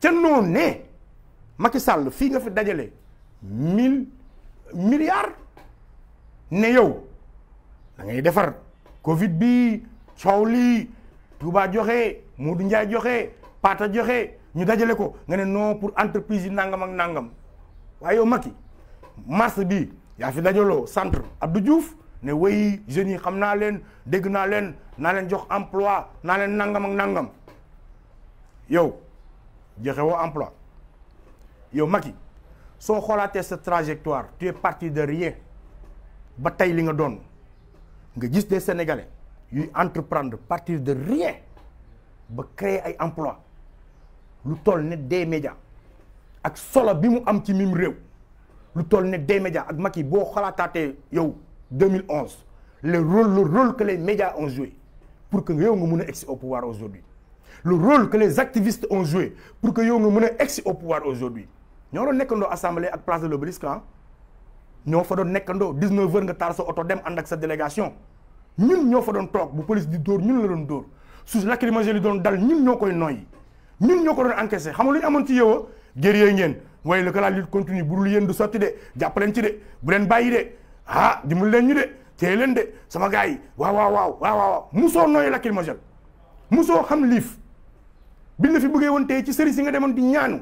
te noonu ne Macky Sall fii nga fi dajale mille ne yow dangay defar Covid bi coow lii Touba joxe Modou Ndiaye joxe Pata joxe ñu dajale ko nga ne non pour entreprise yi nangam ak nangam waaye yow Macky mars bi yaa fi dajaloo centre du Diouf ne way jeunes yi xam naa leen dégg naa leen naa leen jox emploi naa leen nangam ak nangam yow joxe woo emploi yow Macky soo xoolaatee sa trajectoire tu es parti de rien ba tey li nga doon nga gis des sénégalais yuy entreprendre partir de rien ba créer ay emploi lu toll ne des médias ak solo bi mu am ci mim réew lu toll ne des médias ak Macky boo xalaataatee yow 2011 le rôle le rôle que les médias ont joué pour que yow nga mun a egsi au pouvoir aujourd'hui le rôle que les activistes ont joué pour que yow nga mun a egsi au pouvoir aujourd'hui ñoo doon nekkandoo assemblée ak place de l'Obélisque ah? ñoo fa doon nekkandoo 19 heures nga taal sa oto dem ànd ak sa délégation ñun ñoo fa doon toog bu police di dóor ñun la doon dóor su lacrymogène li doon dal ñun ñoo koy noyyi ñun ñoo ko doon encaissé xam nga lu amoon ci yow a guerrier ngeen waaye le que la lutte continue bu dul yéen du sotti de jàpp leen ci de bu leen bàyyi de ah dimbali leen ñu de téye leen de sama gars yi waaw waaw waaw waaw waaw musoo nooy lacrymogène musoo xam liif biñ la fi bëggee woon tey ci sëriñ si nga demoon di ñaanu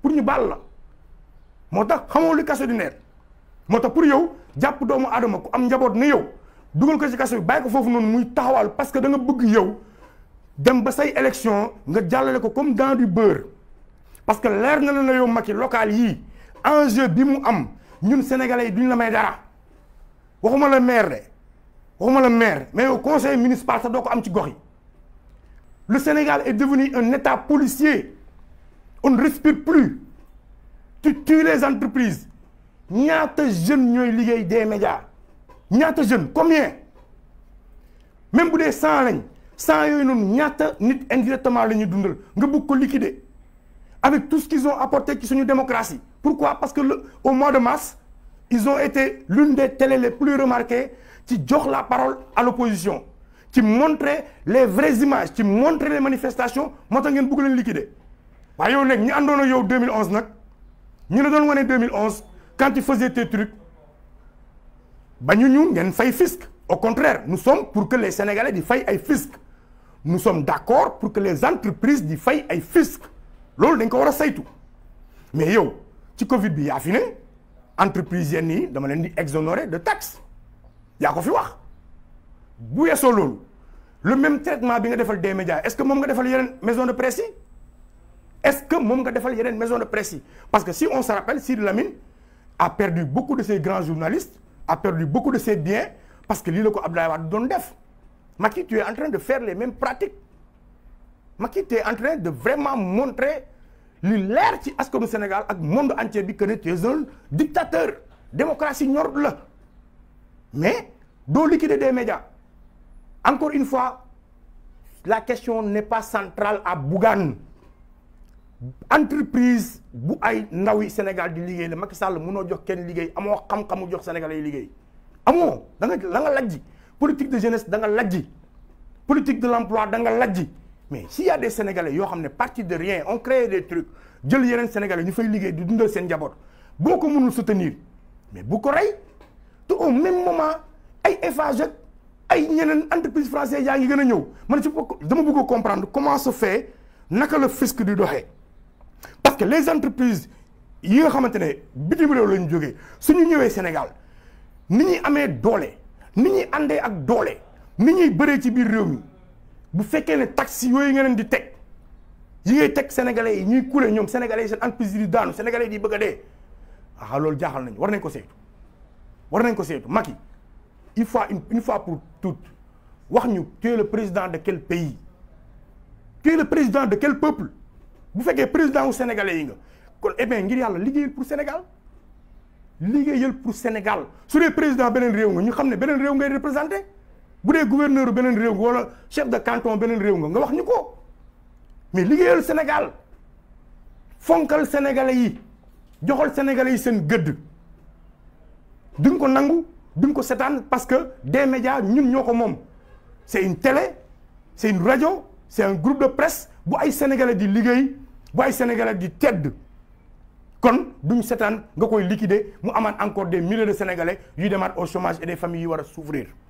pour ñu baal la moo tax xamoo lu kaso di neer moo tax pour yow jàpp doomu aadama ku am njaboot ne yow dugal ko si kaso bi bàyyi ko foofu noonu muy taxawal parce que da nga bëgg yow dem ba say élection nga jàllale ko comme dans du beurre parce que leer na la na yow Macky local yii enjeu bi mu am ñun sénégalais yi duñ la may dara waxuma la maire de waxuma la maire mais yow conseil municipal sax doo ko am ci gox yi le Sénégal est devenu un état policier on ne respire plus tu tues les entreprises ñaata jeunes ñooy liggéey des médias ñaata jeunes combien même bu dee cent lañ sans yooyu noonu ñaata nit indirectement la ñuy dundal nga bëgg ko liquider avec tout ce qu'ils ont apporté ci suñu démocratie pourquoi parce que le, au mois de mars ils ont été l'une des télés les plus remarquées ci jox la parole à l'opposition ci montrer les vrais images ci montrer les manifestations moo tax ngeen bëgg leen liquider waaye yow nag ñu àndoon ak yow 2011 nag ñu la doon wane 2011 quand tu faisais tes trucs ba ñu ñu ngeen fay fisc au contraire nous sommes pour que les di fay ay fisc nous sommes d'accord pour que les entreprises di fay ay fisc loolu dañ ko war a saytu mais yow ci Covid bi yaa fi ne entreprise yenn yi dama leen di exonérer de taxes yaa ko fi wax bu weesoo loolu le même traitement bi nga defal des médias est-ce que moom nga defal yeneen maison de presse yi est-ce que moom nga defal yeneen maison de presse yi parce que si on se rappelle Sidy Lamine a perdu beaucoup de ses grands journalistes a perdu beaucoup de ses biens que lii la ko Abdoulaye doon def Macky, tu es en train de faire les mêmes pratiques. Macky, tu en train de vraiment montrer li leer ci askanu Sénégal ak monde entier bi que ne tu es un dictateur démocratie ñor la mais doo liquider des médias encore une fois la question ne pas central à Bougane entreprise bu ay ndawi Sénégal di liggéey la Macky Sall mënoo jox kenn liggéey amoo xam-xamu jox Sénégalais yi liggéey amoo da nga la nga lajji politique de jeunesse da nga lajji politique de l'emploi da nga lajji mais s'il y a yoo xam ne parti de rien on crée des trucs jël yeneen sénégalais ñu fay liggéey di dundal seen njaboot boo ko mënul soutenir mais bu ko rey te au même moment ay Eiffage ak ay ñeneen entreprise française yaa ngi gën a ñëw man ci dama bëgg a comprendre comment se fait naka la fisc di doxee parce que les entreprises yi nga xamante ne bitim réew la ñu jógee ñu ñëwee Sénégal ni ñuy amee doole. ni ñuy àndee ak doole ni ñuy bëree ci biir réew mi bu fekkee ne taxes yooyu nga leen di teg yi ngay teg sénégalais yi ñuy kule ñoom sénégalais yi seen entreprise yi di daanu sénégalais yi di bëgg a dee ah loolu jaaxal nañu war nañ ko saytu war nañ ko saytu Macky il faut une fois pour tout wax ñu tu es président de quel pays tu la président de quel peuple bu fekkee président wu sénégalais yi nga kon eh bien ngir yàlla liggéeyal pour Sénégal. liggéeyal pour Sénégal su dee président beneen réew nga ñu xam ne beneen réew ngay représenté bu dee gouverneur beneen réew nga wala chef de canton beneen réew nga nga wax ñu ko mais liggéeyal Sénégal fonkal sénégalais yi joxal sénégalais yi seen gëdd duñ ko nangu duñ ko setaan parce que des médias ñun ñoo ko moom c'est une télé c'est une radio c'est un groupe de presse bu ay sénégalais di liggéey bu ay sénégalais di tedd kon duñ seetaan nga koy liquider mu amaat encore des milliers de sénégalais yuy demaat au chômage et des familles yu war a souffrir